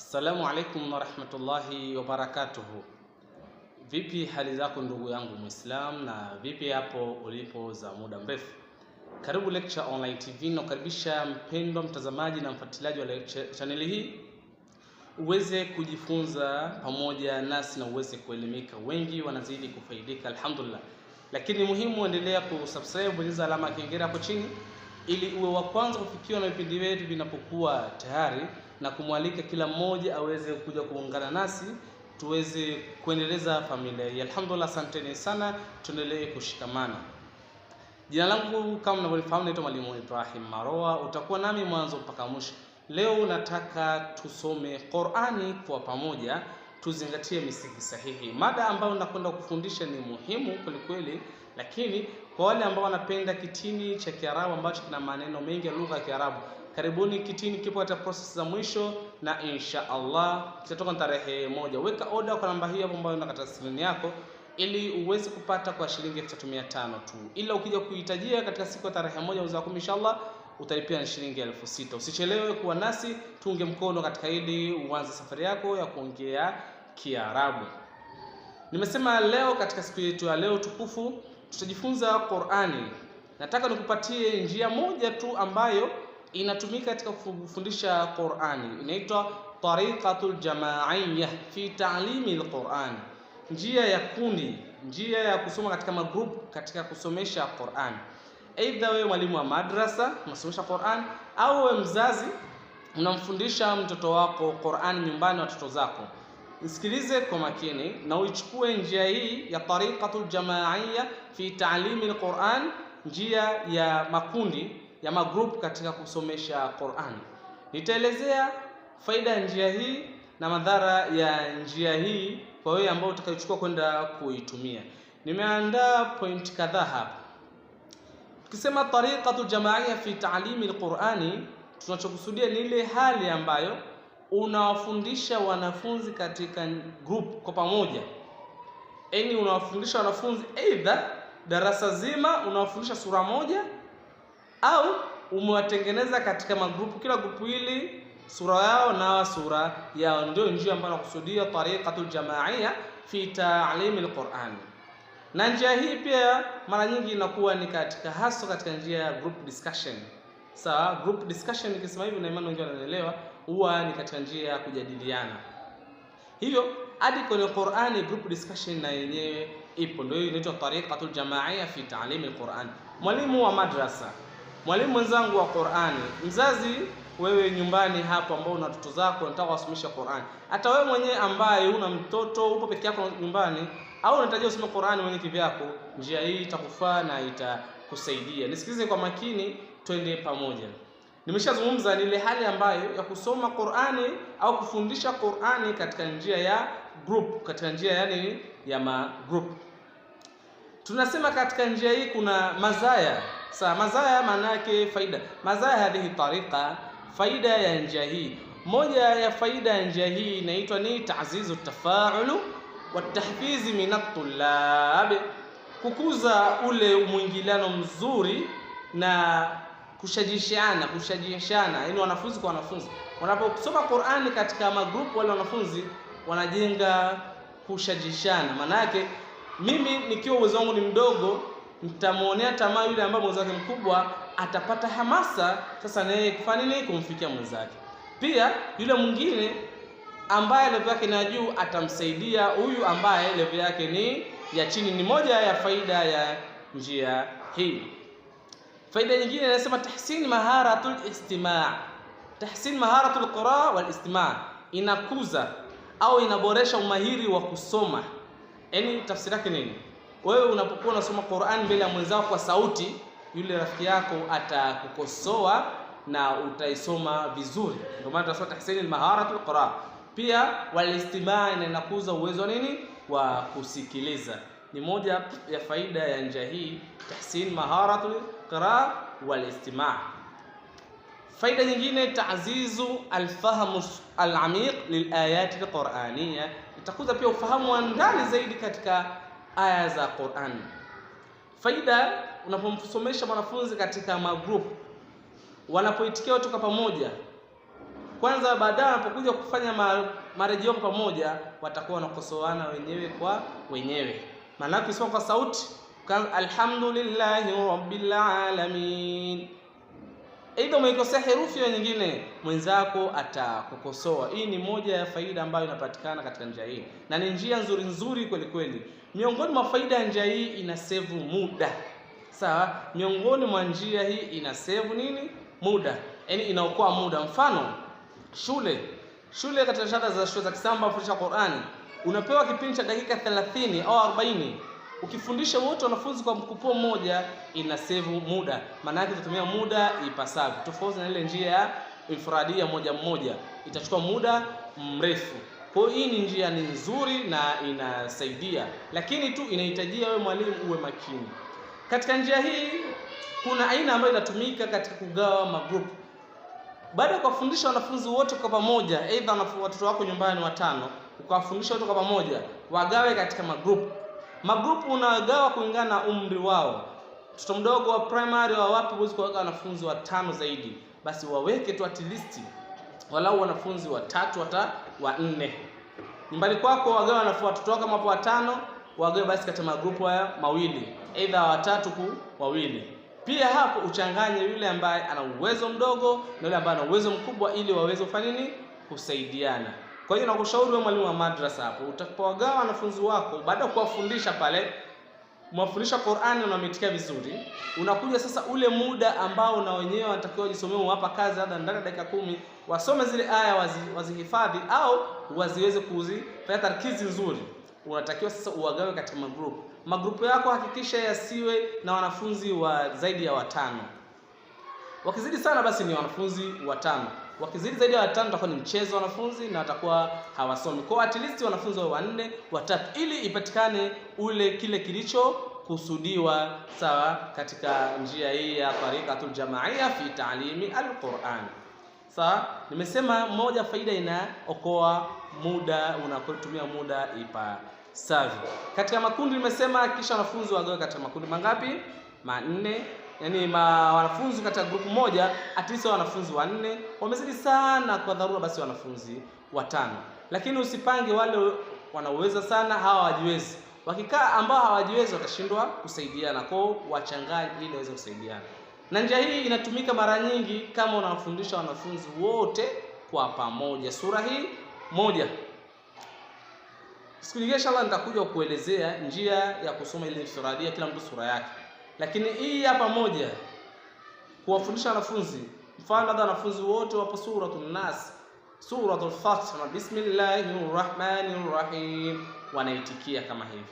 Assalamu alaikum warahmatullahi wabarakatuhu. Vipi hali zako ndugu yangu Muislam, na vipi hapo ulipo za muda mrefu? Karibu Lecture Online TV, nakukaribisha mpendwa mtazamaji na mfuatiliaji wa chaneli hii uweze kujifunza pamoja nasi na uweze kuelimika. Wengi wanazidi kufaidika alhamdulillah, lakini muhimu endelea kusubscribe, bonyeza alama ya kengele hapo chini ili uwe wa kwanza kufikiwa na vipindi vyetu vinapokuwa tayari na kumwalika kila mmoja aweze kuja kuungana nasi tuweze kuendeleza familia hii. Alhamdulillah, asanteni sana, tuendelee kushikamana. Jina langu kama mnavyofahamu naitwa Mwalimu Ibrahim Maroa, utakuwa nami mwanzo mpaka mwisho. Leo nataka tusome Qur'ani kwa pamoja, tuzingatie misingi sahihi. Mada ambayo nakwenda kufundisha ni muhimu kwelikweli, lakini kwa wale ambao wanapenda kitini cha Kiarabu ambacho kina maneno mengi ya lugha ya Kiarabu Karibuni kitini kipo katika process za mwisho na insha Allah kitatoka tarehe moja. Weka order kwa namba hii hapo ambayo unakata skrini yako ili uweze kupata kwa shilingi 3500 tu, ila ukija kuhitajia katika siku ya tarehe moja mwezi wa kumi inshallah utalipia shilingi elfu sita. Usichelewe kuwa nasi, tuunge mkono katika hili, uanze safari yako ya kuongea Kiarabu. Nimesema leo katika siku yetu ya leo tukufu tutajifunza Qur'ani. Nataka nikupatie njia moja tu ambayo inatumika katika kufundisha Qur'ani, inaitwa tariqatul jamaiyya fi ta'limi alquran, njia ya kundi, njia ya kusoma katika magrupu katika kusomesha Qur'an. Aidha wewe mwalimu wa madrasa unasomesha Qur'an au wewe mzazi unamfundisha mtoto wako Qur'an nyumbani, watoto zako Msikilize kwa makini na uichukue njia hii ya tariqatul jamaiyya fi ta'limi alquran, njia ya makundi ya magroup katika kusomesha Qur'an. Nitaelezea faida ya njia hii na madhara ya njia hii kwa wewe ambao utakayochukua kwenda kuitumia. Nimeandaa point kadhaa hapa. Tukisema tariqatu jamaia fi al-Qur'ani, tunachokusudia ni ile hali ambayo unawafundisha wanafunzi katika group kwa pamoja, yaani unawafundisha wanafunzi aidha darasa zima unawafundisha sura moja au umewatengeneza katika magrupu, kila grupu hili sura yao na sura yao. Ndio njia ambayo nakusudia tariqatul jamaia fi taalimi lqurani, na njia hii pia mara nyingi inakuwa ni katika haswa katika njia ya group discussion. Sawa, so, group discussion ikisema hivi na imani wengi wanaelewa, huwa ni katika njia ya kujadiliana. Hivyo hadi kwenye Qur'ani group discussion na yenyewe ipo, ndio inaitwa tariqatul jamaia fi talimi lqurani. Mwalimu wa madrasa Mwalimu mwenzangu wa Qur'ani, mzazi wewe nyumbani hapo, ambao una watoto zako unataka wasomeshe Qur'ani, hata wewe mwenyewe ambaye una mtoto upo peke yako nyumbani, au unatarajia usome Qur'ani mwenyewe kivyako, njia hii itakufaa na itakusaidia. Nisikilize kwa makini, twende pamoja. Nimeshazungumza ni ile hali ambayo ya kusoma Qur'ani au kufundisha Qur'ani katika njia ya group, katika njia yani ya ma group. Tunasema katika njia hii kuna mazaya sasa mazaya maana yake faida, mazaya hadhihi tariqa, faida ya njia hii. Moja ya faida ya njia hii inaitwa ni ta'zizu tafaulu wa tahfizi min at-tullab, kukuza ule mwingiliano mzuri na kushajishana kushajishana, yani wanafunzi kwa wanafunzi wanaposoma Qur'ani katika magrupu, wale wanafunzi wanajenga kushajishana. Maana yake mimi nikiwa uwezo wangu ni mdogo mtamwonea tamaa yule ambaye mwenzake mkubwa atapata hamasa sasa na yeye kufanya nini? Kumfikia mwenzake. Pia yule mwingine ambaye levu yake ni ya juu atamsaidia huyu ambaye levu yake ni ya chini. Ni moja ya faida ya njia hii. Faida nyingine inasema tahsin maharatul istimaa, tahsin maharatul qira wal istimaa, inakuza au inaboresha umahiri wa kusoma. Yaani tafsiri yake nini? Wewe unapokuwa unasoma Qur'an mbele ya mwenzako kwa sauti, yule rafiki yako atakukosoa na utaisoma vizuri. Ndio maana tunasema tahsini maharatu alqira, pia walistimaa, inakuza uwezo nini wa kusikiliza. Ni moja ya faida ya njia hii, tahsin maharatu alqira walistimaa. Faida nyingine ta'zizu alfahamu alamiq lilayati alqur'aniyya, itakuza pia ufahamu wa ndani zaidi katika aya za Qur'an. Faida unapomsomesha mwanafunzi katika magrupu, wanapoitikia kwa pamoja, kwanza, baadaye wanapokuja kufanya marejeo pamoja, watakuwa wanakosoana wenyewe kwa wenyewe, maanake kusoma kwa sauti, alhamdulillahi rabbil alamin Aidha, umeikosea herufi ya nyingine, mwenzako atakukosoa. Hii ni moja ya faida ambayo inapatikana katika njia hii, na ni njia nzuri nzuri kweli kweli. Miongoni mwa faida ya njia hii, inasevu muda. Sawa, miongoni mwa njia hii inasevu nini? Muda, yaani inaokoa muda. Mfano shule shule, katika shahada za shule za Kisamba fundisha Qur'ani, unapewa kipindi cha dakika 30 au 40 Ukifundisha wote wanafunzi kwa mkupuo mmoja, ina save muda, maana yake itatumia muda ipasavyo, tofauti na ile njia ya infradia moja mmoja, itachukua muda mrefu. Kwa hiyo hii ni njia ni nzuri na inasaidia, lakini tu inahitajia wewe mwalimu uwe makini katika njia hii. Kuna aina ambayo inatumika katika kugawa magrupu. Baada ya kuwafundisha wanafunzi wote kwa pamoja, aidha watoto wako nyumbani watano, ukawafundisha wote kwa pamoja, wagawe katika magrupu magrupu unagawa kulingana na umri wao. Mtoto mdogo wa primary wa wapi huwezi kuweka wanafunzi watano zaidi, basi waweke tu at least walau wanafunzi watatu hata wanne. Nyumbani kwako wagawe wanafunzi watoto kama hapo watano, wagawe basi katika magrupu haya mawili, aidha watatu ku wawili. Pia hapo uchanganye yule ambaye ana uwezo mdogo na yule ambaye ana uwezo mkubwa, ili waweze kufanya nini, kusaidiana. Kwa hiyo nakushauri wewe mwalimu wa madrasa hapo, utakapowagawa wanafunzi wako, baada ya kuwafundisha pale, mwafundisha Qur'ani, unamitikia vizuri, unakuja sasa ule muda ambao na wenyewe wanatakiwa wajisomee, wapa kazi hata ndani dakika kumi, wasome zile aya wazihifadhi, wazi au waziweze kuzifanya tarkizi nzuri. Unatakiwa sasa uwagawe katika magrupu. Magrupu yako hakikisha yasiwe na wanafunzi wa zaidi ya watano. Wakizidi sana, basi ni wanafunzi watano. Wakizidi zaidi ya watano itakuwa ni mchezo wanafunzi na watakuwa hawasomi. Kwa at least wanafunzi wa wanne watatu, ili ipatikane ule kile kilichokusudiwa sawa, katika njia hii ya tariqatul jamaia fi taalimi alquran. Sawa, nimesema moja, faida inaokoa muda, unapotumia muda ipasavyo katika makundi. Nimesema kisha wanafunzi wagawe katika makundi mangapi? Manne yani ma wanafunzi katika group moja at least wanafunzi wanne, wamezidi sana kwa dharura, basi wanafunzi watano. Lakini usipange wale wanaoweza sana, hawa hawajiwezi. Wakikaa ambao hawajiwezi watashindwa kusaidiana, kwao wachangaji ili waweze kusaidiana. Na njia hii inatumika mara nyingi kama unawafundisha wanafunzi wote kwa pamoja. Sura hii moja Siku nyingine inshallah nitakuja kuelezea njia ya kusoma ile infiradia, kila mtu sura yake. Lakini hii hapa moja kuwafundisha wanafunzi, mfano labda wanafunzi wote wapo Suratun Nas, Suratul Fatiha, bismillahir rahmanir rahim, wanaitikia kama hivi.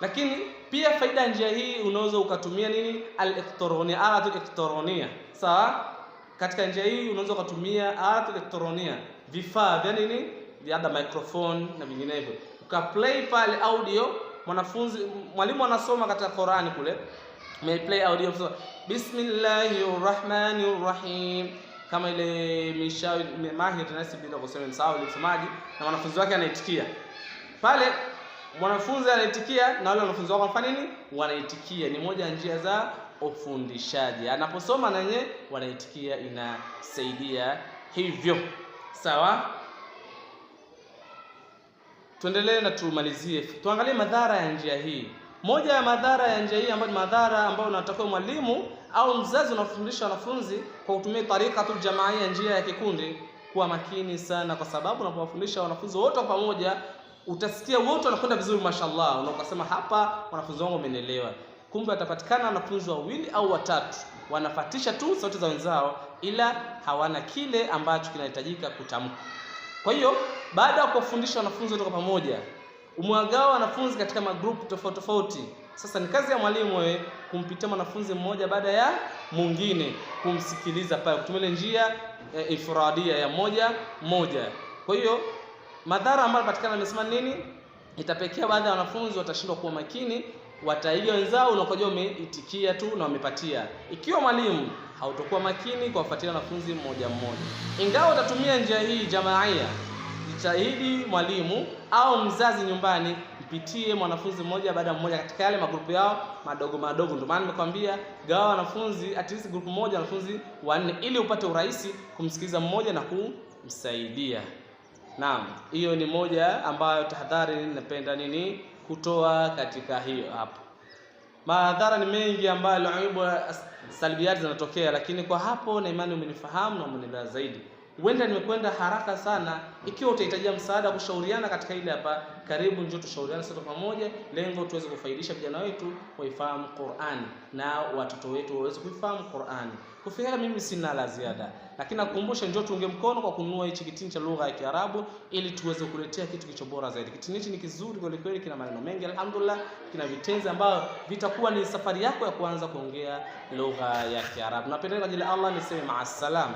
Lakini pia faida ya njia hii unaweza ukatumia nini, al-elektronia, elektronia, sawa. Katika njia hii unaweza ukatumia alatul elektronia, vifaa vya nini, labda microphone na vinginevyo, ukaplay pale audio, mwanafunzi mwalimu anasoma katika Qur'ani kule may play audio so bismillahir rahmanir rahim kama ile mishawi mahir tunasi bila kusema msahau ile msemaji na wanafunzi wake anaitikia pale mwanafunzi anaitikia na wale wanafunzi wake wanafanya nini wanaitikia ni moja ya njia za ufundishaji anaposoma na yeye wanaitikia inasaidia hivyo sawa tuendelee na tumalizie tuangalie madhara ya njia hii moja ya madhara ya njia hii ambayo ni madhara ambayo unatakiwa mwalimu au mzazi unafundisha wanafunzi kwa kutumia tarikatul jamaia, njia ya kikundi, kuwa makini sana, kwa sababu unapowafundisha wanafunzi wote kwa pamoja utasikia wote wanakwenda vizuri, mashallah, na ukasema hapa wanafunzi wangu wamenielewa. Kumbe watapatikana wanafunzi wawili au watatu wanafatisha tu sauti za wenzao, ila hawana kile ambacho kinahitajika kutamka. Kwa hiyo baada ya kuwafundisha wanafunzi wote kwa pamoja umwagao wanafunzi katika magrupu tofauti tofauti. Sasa ni kazi ya mwalimu wewe kumpitia mwanafunzi mmoja baada ya mwingine, kumsikiliza pale, kutumia njia e, ifradia ya moja moja. Kwa hiyo madhara ambayo patikana, amesema nini, itapekea baadhi ya wanafunzi watashindwa kuwa makini, wataiga wenzao, unakojua umeitikia tu na wamepatia. Ikiwa mwalimu hautokuwa makini kwa kufuatilia wanafunzi mmoja mmoja, ingawa utatumia njia hii jamaia Jitahidi mwalimu au mzazi nyumbani, mpitie mwanafunzi mmoja baada ya mmoja katika yale magrupu yao madogo madogo. Ndio maana nimekwambia gawa wanafunzi at least grupu moja wanafunzi wanne, ili upate urahisi kumsikiliza mmoja na kumsaidia. Naam, hiyo ni moja ambayo tahadhari napenda nini kutoa katika hiyo hapo. Madhara ni mengi ambayo salibiati zinatokea, lakini kwa hapo na imani umenifahamu na umenielewa zaidi huenda nimekwenda haraka sana. Ikiwa utahitajia msaada, kushauriana katika ile hapa, karibu njoo tushauriane sote pamoja, lengo tuweze kufaidisha vijana wetu waifahamu Qur'ani na watoto wetu waweze kuifahamu Qur'ani. Kufikia mimi sina la ziada, lakini nakukumbusha, njoo tuunge mkono kwa kununua hichi kitini cha lugha ya Kiarabu ili tuweze kuletea kitu kilicho bora zaidi. Kitini hichi ni kizuri kweli kweli, kina maneno mengi alhamdulillah, kina vitenzi ambavyo vitakuwa ni safari yako ya kuanza kuongea lugha ya Kiarabu. Napendeza kwa ajili ya Allah niseme maasalama.